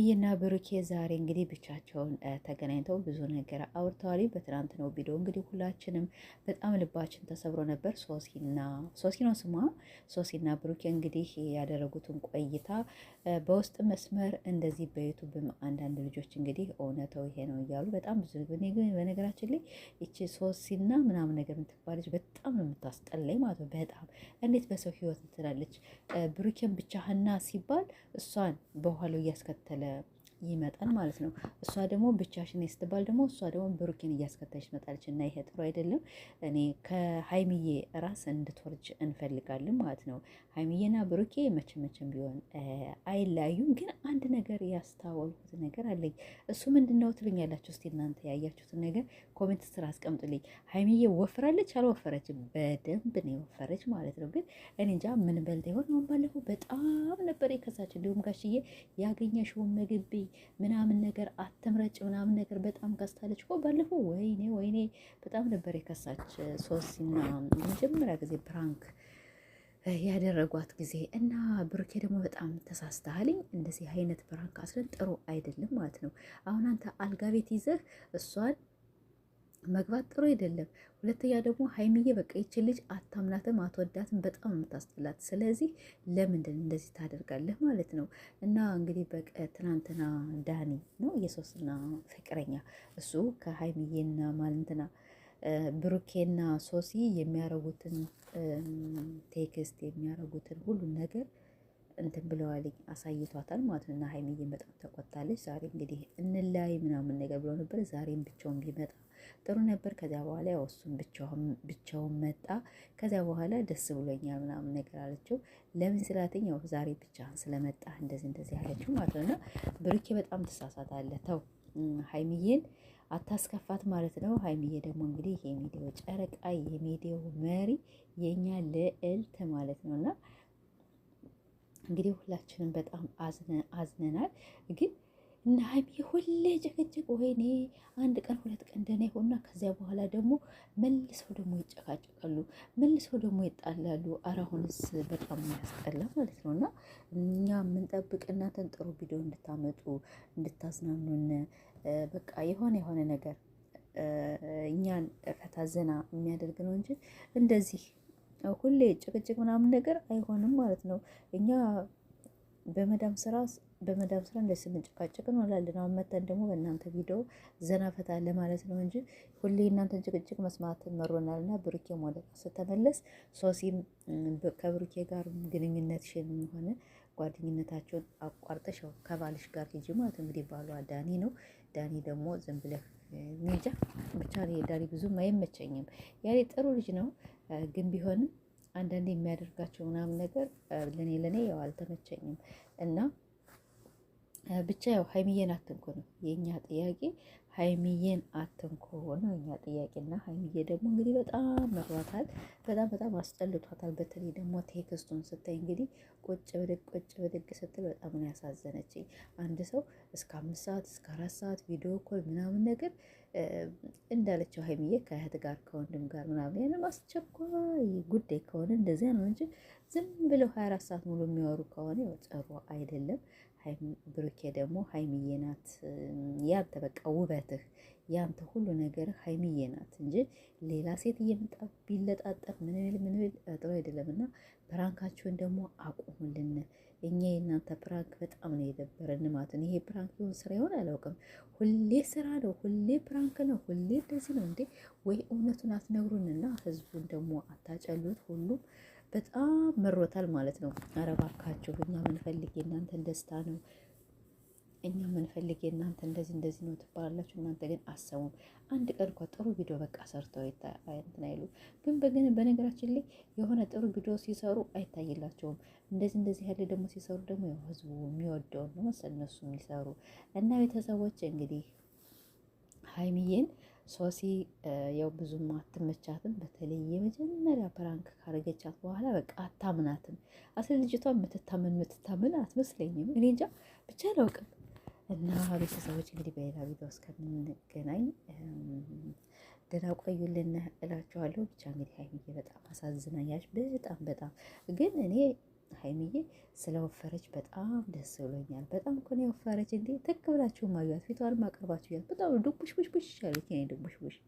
ሀይሚዬና ብሩኬ ዛሬ እንግዲህ ብቻቸውን ተገናኝተው ብዙ ነገር አውርተዋል። በትናንት ነው ቪዲዮ እንግዲህ ሁላችንም በጣም ልባችን ተሰብሮ ነበር። ሶሲ ነው ስሟ። ሶሲና ብሩኬ እንግዲህ ያደረጉትን ቆይታ በውስጥ መስመር እንደዚህ በዩቱብም አንዳንድ ልጆች እንግዲህ እውነተው ይሄ ነው እያሉ በጣም ብዙ በነገራችን ላይ ይቺ ሶሲና ምናምን ነገር የምትባለች በጣም ነው የምታስጠላኝ ማለት ነው። በጣም እንዴት በሰው ህይወት ትላለች። ብሩኬን ብቻህና ሲባል እሷን በኋላ እያስከተለ Yeah. ይመጣል ማለት ነው። እሷ ደግሞ ብቻሽን ስትባል ደግሞ እሷ ደግሞ ብሩኬን እያስከታች ትመጣለች እና ይሄ ጥሩ አይደለም። እኔ ከሀይሚዬ ራስ እንድትወርጅ እንፈልጋለን ማለት ነው። ሀይሚዬና ብሩኬ መቼ መቼም ቢሆን አይለያዩም። ግን አንድ ነገር ያስታወልኩት ነገር አለኝ። እሱ ምንድን ነው ትሉኛላችሁ? እስኪ እናንተ ያያችሁትን ነገር ኮሜንት ስር አስቀምጡልኝ። ሀይሚዬ ወፍራለች አልወፈረች? በደንብ ነው የወፈረች ማለት ነው። ግን እኔ እንጃ ምን በልታ ይሆን? አሁን ባለፈው በጣም ነበር የከሳች። እንዲሁም ጋሽዬ ያገኘሽውን ምግብ ምናምን ነገር አትምረጭ ምናምን ነገር በጣም ከስታለች እኮ ባለፈው። ወይኔ ወይኔ በጣም ነበር የከሳች ሶሲና መጀመሪያ ጊዜ ፕራንክ ያደረጓት ጊዜ እና ብሩኬ ደግሞ በጣም ተሳስተሃልኝ። እንደዚህ አይነት ፕራንክ አስለን ጥሩ አይደለም ማለት ነው። አሁን አንተ አልጋ ቤት ይዘህ እሷን መግባት ጥሩ አይደለም። ሁለተኛ ደግሞ ሀይሚዬ በቃ ይችን ልጅ አታምናትም፣ አትወዳትም፣ በጣም የምታስጥላት። ስለዚህ ለምንድን እንደዚህ ታደርጋለህ ማለት ነው። እና እንግዲህ በቃ ትናንትና ዳኒ ነው የሶስትና ፍቅረኛ እሱ ከሀይሚዬና ማለትና ብሩኬና ሶሲ የሚያረጉትን ቴክስት የሚያረጉትን ሁሉን ነገር እንትን ብለዋልኝ አሳይቷታል ማለት ነው። እና ሀይሚዬን በጣም ተቆጣለች። ዛሬ እንግዲህ እንላይ ምናምን ነገር ብሎ ነበር። ዛሬም ብቻውን ቢመጣ ጥሩ ነበር። ከዚያ በኋላ ያው እሱም ብቻውን መጣ። ከዚያ በኋላ ደስ ብሎኛል ምናምን ነገር አለችው። ለምን ስላትኝ ያው ዛሬ ብቻህን ስለመጣ እንደዚህ እንደዚህ አለችው ማለት ነው። እና ብሩኬ በጣም ትሳሳታለህ። ተው ሀይሚዬን አታስከፋት ማለት ነው። ሀይሚዬ ደግሞ እንግዲህ የሚዲያው ጨረቃ የሚዲያው መሪ የእኛ ልዕልት ማለት ነው እና እንግዲህ ሁላችንም በጣም አዝነናል። ግን እና ሀይሚ ሁሌ ጭቅጭቅ፣ ወይኔ አንድ ቀን ሁለት ቀን ደህና ይሆና ከዚያ በኋላ ደግሞ መልሰው ደግሞ ይጨቃጭቃሉ፣ መልሰው ደግሞ ይጣላሉ። አራሁንስ በጣም የሚያስጠላ ማለት ነው። እና እኛ የምንጠብቅ እናንተን ጥሩ ቪዲዮ እንድታመጡ እንድታዝናኑን፣ በቃ የሆነ የሆነ ነገር እኛን ፈታ ዘና የሚያደርግ ነው እንጂ እንደዚህ ሁሌ ጭቅጭቅ ምናምን ነገር አይሆንም ማለት ነው። እኛ በመዳም ስራ በመዳም ስራ እንደ ስንጨቃጨቅ እንሆናለን። አሁን መተን ደግሞ በእናንተ ቪዲዮ ዘና ፈታ ማለት ነው እንጂ ሁሌ እናንተን ጭቅጭቅ መስማት መሮናል። እና ብሩኬ ማለት ስተመለስ ሶሲም ከብሩኬ ጋር ግንኙነትሽን ሆነ ጓደኝነታቸውን አቋርጠሽ ከባልሽ ጋር ሂጂ ማለት እንግዲህ፣ ባሏ ዳኒ ነው። ዳኒ ደግሞ ዝም ብለህ ሚጃ ብቻ ዳኒ ብዙም አይመቸኝም። ያኔ ጥሩ ልጅ ነው ግን ቢሆንም አንዳንዴ የሚያደርጋቸው ምናምን ነገር ለኔ ለኔ ያው አልተመቸኝም እና ብቻ ያው ሀይሚዬን አትንኮ ነው የእኛ ጥያቄ። ሀይሚዬን አትንኮ ነው የእኛ ጥያቄ እና ሀይሚዬ ደግሞ እንግዲህ በጣም መሯታል፣ በጣም በጣም አስጠልቷታል። በተለይ ደግሞ ቴክስቱን ስታይ እንግዲህ ቆጭ ብድግ ቆጭ ብድግ ስትል በጣም ነው ያሳዘነችኝ። አንድ ሰው እስከ አምስት ሰዓት እስከ አራት ሰዓት ቪዲዮ ኮል ምናምን ነገር እንዳለችው ሀይሚዬ ከእህት ጋር ከወንድም ጋር ምናምን ያንም አስቸኳይ ጉዳይ ከሆነ እንደዚያ ነው እንጂ ዝም ብለው ሀያ አራት ሰዓት ሙሉ የሚያወሩ ከሆነ ያው ጥሩ አይደለም። ብሩኬ ደግሞ ሀይሚዬ ናት ያንተ በቃ ውበትህ ያንተ ሁሉ ነገር ሀይሚዬ ናት እንጂ ሌላ ሴት እየመጣ ቢለጣጠፍ ምንል ምንል ጥሩ አይደለም እና ፕራንካችሁን ደግሞ አቁሙልን። እኛ የእናንተ ፕራንክ በጣም ነው የደበረን ማለት ነው። ይሄ ፕራንክ ይሁን ስራ ይሆን አላውቅም። ሁሌ ስራ ነው፣ ሁሌ ፕራንክ ነው፣ ሁሌ እንደዚህ ነው እንዴ? ወይ እውነቱን አትነግሩንና ህዝቡን ደግሞ አታጨሉት። ሁሉም በጣም መሮታል ማለት ነው። አረባካችሁ እኛ ምንፈልግ የእናንተን ደስታ ነው። እኛ ምንፈልግ እናንተ እንደዚህ እንደዚህ ነው ትባላላችሁ። እናንተ ግን አሰቡም አንድ ቀን እኳ ጥሩ ቪዲዮ በቃ ሰርተው እንትን አይሉ። ግን በግን በነገራችን ላይ የሆነ ጥሩ ቪዲዮ ሲሰሩ አይታይላቸውም። እንደዚህ እንደዚህ ያለ ደግሞ ሲሰሩ ደግሞ ህዝቡ የሚወደውን ነው መሰል እነሱ የሚሰሩ እና ቤተሰቦች እንግዲህ ሀይሚዬን ሶሲ ያው ብዙም አትመቻትም። በተለይ የመጀመሪያ ፕራንክ ካረገቻት በኋላ በቃ አታምናትም። አስለ ልጅቷ የምትታምን የምትታምን አትመስለኝም። እኔ እንጃ ብቻ አላውቅም። እና ቤተሰቦች እንግዲህ በሌላ ቪዲዮ እስከምንገናኝ ደህና ቆዩልን እላችኋለሁ። ብቻ እንግዲህ ሀይሚዬ በጣም አሳዝናኛች። በጣም በጣም ግን እኔ ሀይሚዬ ስለወፈረች በጣም ደስ ብሎኛል። በጣም እኮ ነው የወፈረች። እንዴ ትክ ብላችሁ ማዩት፣ ፊቷንም አቅርባችሁ ያት። በጣም ድቡሽ ቡሽ ቡሽ ያሉት ኔ ድቡሽ ቡሽ